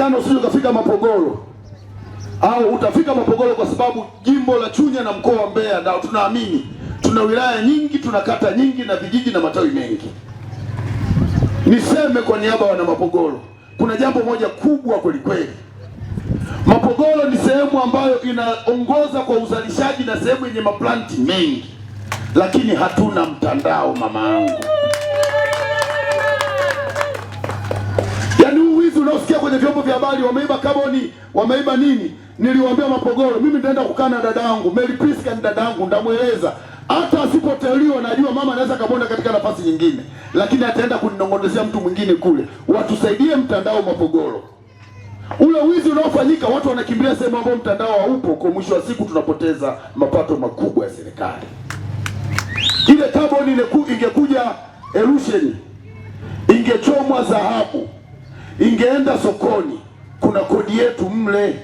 Inawezekana usije ukafika Mapogoro au utafika Mapogoro kwa sababu jimbo la Chunya na mkoa wa Mbeya, na tunaamini tuna wilaya nyingi, tuna kata nyingi na vijiji na matawi mengi. Niseme kwa niaba wana Mapogoro, kuna jambo moja kubwa kweli kweli. Mapogoro ni sehemu ambayo inaongoza kwa uzalishaji na sehemu yenye maplanti mengi, lakini hatuna mtandao mama yangu. hizi unaosikia kwenye vyombo vya habari wameiba kaboni, wameiba nini, niliwaambia Mapogoro, mimi nitaenda kukaa na dada yangu Mary Priska, ni dada yangu, ndamweleza hata asipoteuliwa, najua mama anaweza kabonda katika nafasi nyingine, lakini ataenda kuninongonezea mtu mwingine kule. Watusaidie mtandao Mapogoro, ule wizi unaofanyika, watu wanakimbilia sehemu ambayo mtandao haupo. Kwa mwisho wa siku, tunapoteza mapato makubwa ya serikali. Ile kaboni ingekuja erusheni, ingechomwa dhahabu ingeenda sokoni, kuna kodi yetu mle.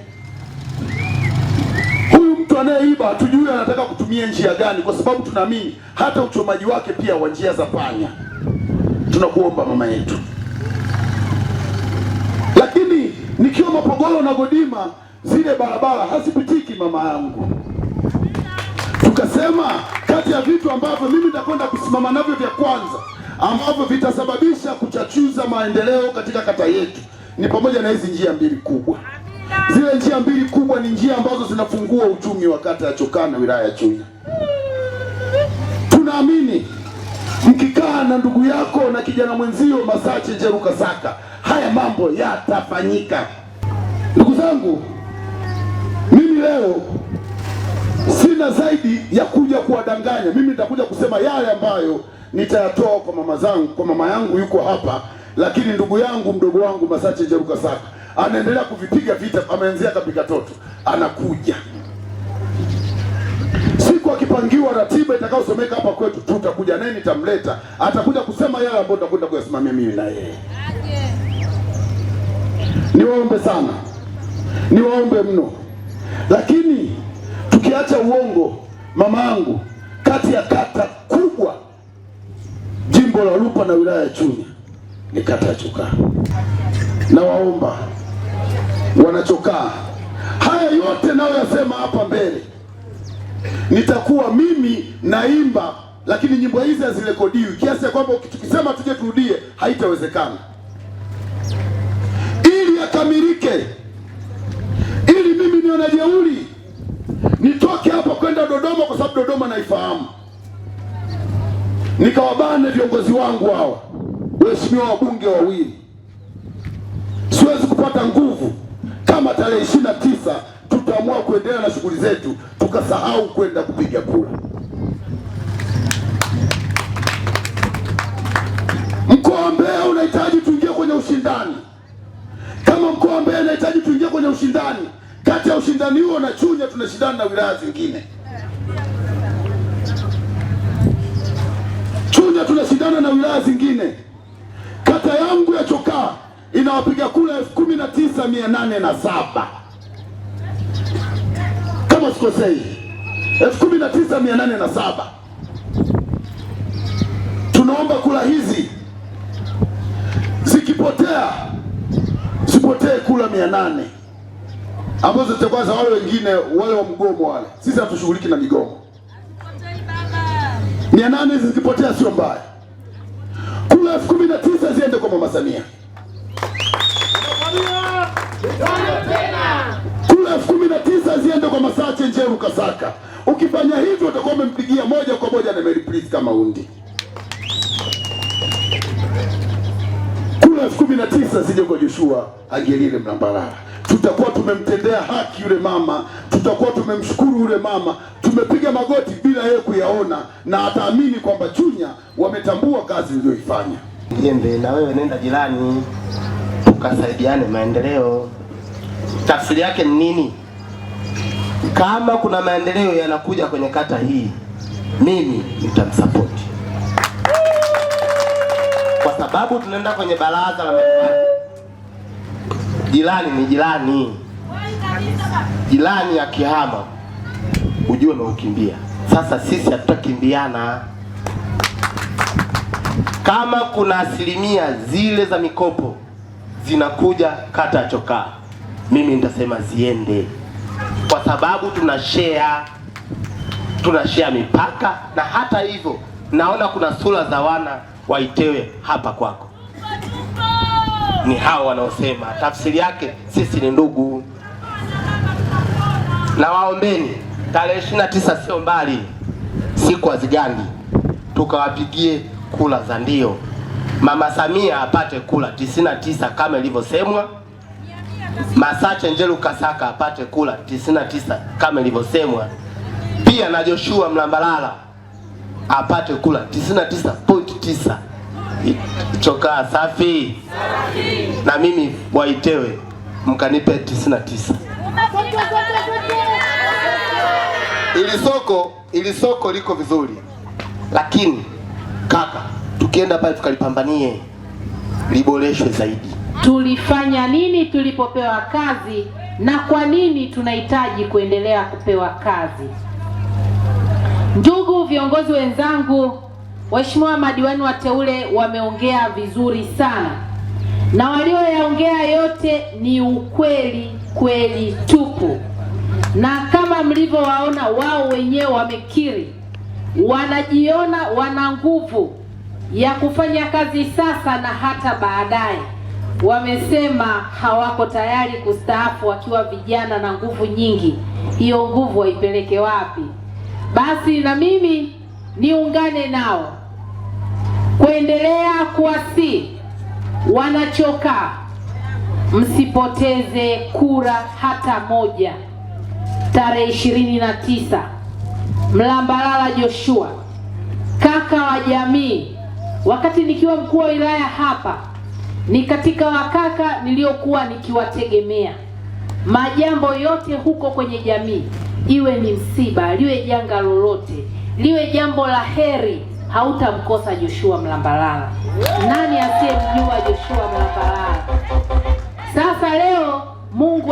Huyu mtu anayeiba hatujui anataka kutumia njia gani, kwa sababu tunaamini hata uchomaji wake pia wa njia za panya. Tunakuomba mama yetu. Lakini nikiwa Mapogolo na Godima, zile barabara hazipitiki mama yangu tukasema kati ya vitu ambavyo mimi nitakwenda kusimama navyo vya kwanza ambavyo vitasababisha tunachuza maendeleo katika kata yetu ni pamoja na hizi njia mbili kubwa. Zile njia mbili kubwa ni njia ambazo zinafungua uchumi wa kata ya Chokana, wilaya ya Chunya. Tunaamini mkikaa na ndugu yako na kijana mwenzio Masache Jerukasaka, haya mambo yatafanyika. Ndugu zangu, mimi leo sina zaidi ya kuja kuwadanganya. Mimi nitakuja kusema yale ambayo nitayatoa kwa mama zangu, kwa mama yangu yuko hapa, lakini ndugu yangu mdogo wangu Masache Jerukasaka anaendelea kuvipiga vita, ameanzia kapika toto anakuja siku akipangiwa ratiba itakayosomeka hapa kwetu, tutakuja naye, nitamleta, atakuja kusema yale ambayo tutakwenda kuyasimamia mimi na yeye. Niwaombe sana, niwaombe mno, lakini tukiacha uongo, mama yangu, kati ya kata jimbo la Lupa na wilaya ya Chunya ni kata ya Chokaa. Nawaomba wanachokaa, haya yote nayoyasema hapa mbele nitakuwa mimi naimba, lakini nyimbo hizi hazirekodiwi, kiasi ya kwamba tukisema tuje turudie haitawezekana. Ili yakamilike, ili mimi nione jeuri nitoke hapa kwenda Dodoma, kwa sababu Dodoma naifahamu nikawabane viongozi wangu hawa, waheshimiwa wabunge wawili. Siwezi kupata nguvu kama tarehe ishirini na tisa tutaamua kuendelea na shughuli zetu tukasahau kwenda kupiga kura. Mkoa wa Mbeya unahitaji tuingie kwenye ushindani. Kama mkoa wa Mbeya unahitaji tuingie kwenye ushindani, kati ya ushindani huo na Chunya tunashindana na wilaya zingine. Tunakuja tunashindana na wilaya zingine. Kata yangu ya Chokaa ina wapiga kura elfu kumi na tisa mia nane na saba kama sikosei, elfu kumi na tisa mia nane na saba. Tunaomba kura hizi zikipotea, zipotee kura mia nane ambazo zitakuwa za wale wengine, wale wa mgomo wale. Sisi hatushughuliki na migomo mia nane zikipotea sio mbaya, kula elfu kumi na tisa ziende kwa mama Samia, kula elfu kumi na tisa ziende kwa Masache Njeru Kasaka. Ukifanya hivyo utakuwa umempigia moja kwa moja na Mary Price kama undi. Kula elfu kumi na tisa zije kwa Joshua Angelile Mlambalala, tutakuwa tumemtendea haki yule mama tutakuwa tumemshukuru yule mama, tumepiga magoti bila yeye kuyaona, na ataamini kwamba Chunya wametambua kazi niliyoifanya. Jembe na wewe nenda jirani, tukasaidiane maendeleo. Tafsiri yake ni nini? Kama kuna maendeleo yanakuja kwenye kata hii, mimi nitamsapoti kwa sababu tunaenda kwenye baraza la Jirani ni jirani jirani akihama ujue umeukimbia. Sasa sisi hatutakimbiana. Kama kuna asilimia zile za mikopo zinakuja kata ya chokaa, mimi nitasema ziende, kwa sababu tuna share, tuna share mipaka. Na hata hivyo naona kuna sura za wana waitewe hapa kwako, ni hao wanaosema tafsiri yake sisi ni ndugu na waombeni, tarehe ishirini na tisa sio mbali, siku hazigandi, tukawapigie kula za ndio, Mama Samia apate kula tisini na tisa kama ilivyosemwa, Masache Njelu Kasaka apate kula tisini na tisa kama ilivyosemwa, pia na Joshua Mlambalala apate kula 99.9. Chokaa safi, na mimi Waitewe mkanipe 99. Ili soko ili soko liko vizuri, lakini kaka, tukienda pale tukalipambanie liboreshwe zaidi. Tulifanya nini tulipopewa kazi na kwa nini tunahitaji kuendelea kupewa kazi? Ndugu viongozi wenzangu, waheshimiwa madiwani wateule wameongea vizuri sana, na walioyaongea yote ni ukweli kweli tupu, na kama mlivyowaona wao wenyewe wamekiri, wanajiona wana nguvu ya kufanya kazi sasa na hata baadaye. Wamesema hawako tayari kustaafu wakiwa vijana na nguvu nyingi. Hiyo nguvu waipeleke wapi? Basi na mimi niungane nao kuendelea kuwasii wanachokaa msipoteze kura hata moja. Tarehe ishirini na tisa Mlambalala Joshua, kaka wa jamii. Wakati nikiwa mkuu wa wilaya hapa, ni katika wakaka niliokuwa nikiwategemea majambo yote huko kwenye jamii, iwe ni msiba, liwe janga lolote, liwe jambo la heri, hautamkosa Joshua Mlambalala. Nani asiyemjua Joshua Mlambalala?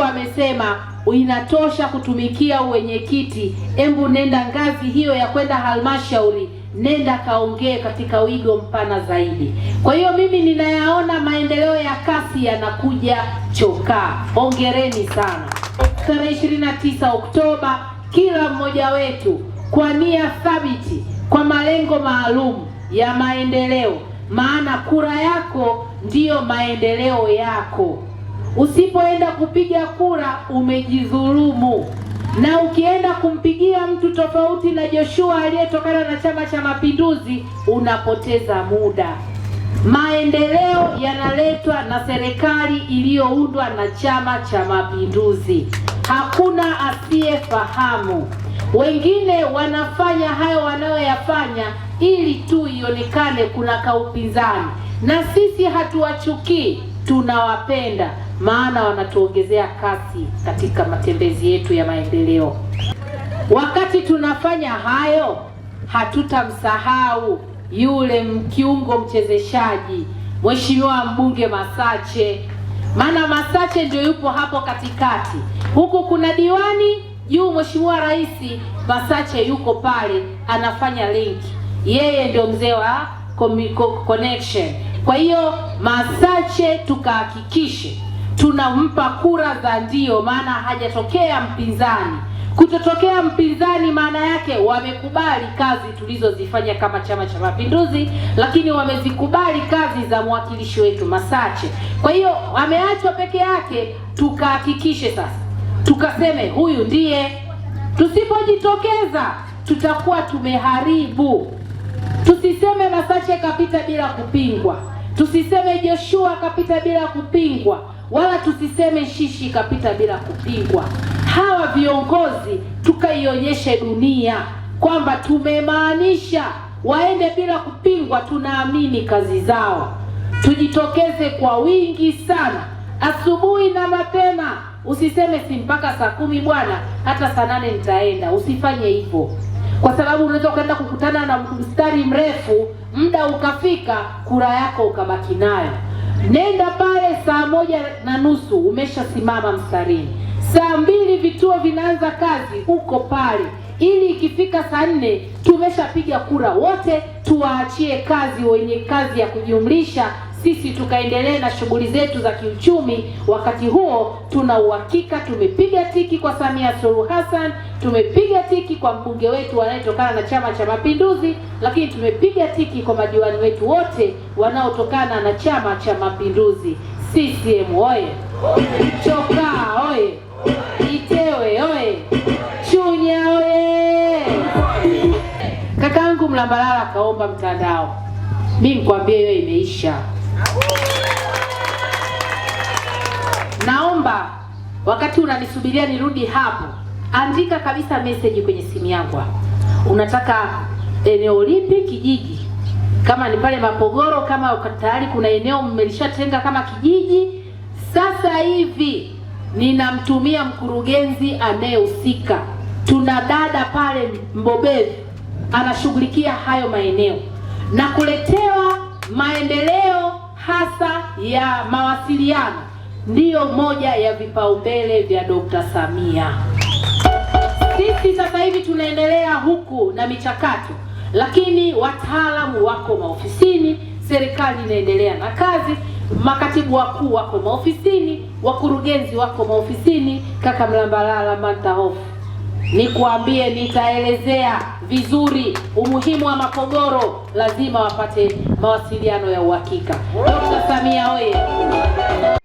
amesema inatosha kutumikia uwenyekiti, embu nenda ngazi hiyo ya kwenda halmashauri, nenda kaongee katika wigo mpana zaidi. Kwa hiyo mimi ninayaona maendeleo ya kasi yanakuja Chokaa. Hongereni sana. Tarehe 29 Oktoba, kila mmoja wetu kwa nia thabiti, kwa malengo maalum ya maendeleo, maana kura yako ndiyo maendeleo yako. Usipoenda kupiga kura umejidhulumu, na ukienda kumpigia mtu tofauti na Joshua aliyetokana na Chama cha Mapinduzi unapoteza muda. Maendeleo yanaletwa na serikali iliyoundwa na Chama cha Mapinduzi. Hakuna asiyefahamu. Wengine wanafanya hayo wanayoyafanya ili tu ionekane kuna kaupinzani, na sisi hatuwachukii, tunawapenda maana wanatuongezea kasi katika matembezi yetu ya maendeleo. Wakati tunafanya hayo, hatutamsahau yule mkiungo mchezeshaji Mheshimiwa mbunge Masache, maana Masache ndio yupo hapo katikati. Huku kuna diwani juu, Mheshimiwa Rais Masache yuko pale anafanya link, yeye ndio mzee wa connection. Kwa hiyo Masache tukahakikishe tunampa kura za ndio, maana hajatokea mpinzani. Kutotokea mpinzani maana yake wamekubali kazi tulizozifanya kama Chama cha Mapinduzi, lakini wamezikubali kazi za mwakilishi wetu Masache. Kwa hiyo ameachwa peke yake, tukahakikishe sasa, tukaseme huyu ndiye. Tusipojitokeza tutakuwa tumeharibu. Tusiseme Masache kapita bila kupingwa, tusiseme Joshua kapita bila kupingwa wala tusiseme shishi ikapita bila kupigwa. Hawa viongozi tukaionyeshe dunia kwamba tumemaanisha waende bila kupingwa. Tunaamini kazi zao. Tujitokeze kwa wingi sana asubuhi na mapema. Usiseme si mpaka saa kumi bwana, hata saa nane nitaenda. Usifanye hivyo, kwa sababu unaweza ukaenda kukutana na mstari mrefu, muda ukafika, kura yako ukabaki nayo. Nenda pale saa moja na nusu umeshasimama mstarini, saa mbili vituo vinaanza kazi, uko pale ili ikifika saa nne tumeshapiga kura wote, tuwaachie kazi wenye kazi ya kujumlisha sisi tukaendelee na shughuli zetu za kiuchumi. Wakati huo tuna uhakika tumepiga tiki kwa Samia Suluhu Hassan, tumepiga tiki kwa mbunge wetu anayetokana na Chama cha Mapinduzi, lakini tumepiga tiki kwa madiwani wetu wote wanaotokana na Chama cha Mapinduzi. CCM oye! Chokaa oye! Itewe oye! Chunya oye! kakaangu Mlambalala akaomba mtandao, mi nikwambie hiyo imeisha. Naomba wakati unanisubiria nirudi hapo, andika kabisa message kwenye simu yangu hapo, unataka eneo lipi, kijiji kama ni pale Mapogoro, kama tayari kuna eneo mmelishatenga kama kijiji. Sasa hivi ninamtumia mkurugenzi anayehusika, tuna dada pale mbobezi anashughulikia hayo maeneo na kuletewa maendeleo hasa ya mawasiliano ndiyo moja ya vipaumbele vya Dr. Samia. Sisi sasa hivi tunaendelea huku na michakato, lakini wataalamu wako maofisini, serikali inaendelea na kazi, makatibu wakuu wako maofisini, wakurugenzi wako maofisini. Kaka Mlambalala Mantahofu Nikuambie, nitaelezea vizuri umuhimu wa Makogoro, lazima wapate mawasiliano ya uhakika. Dkt. Samia oye!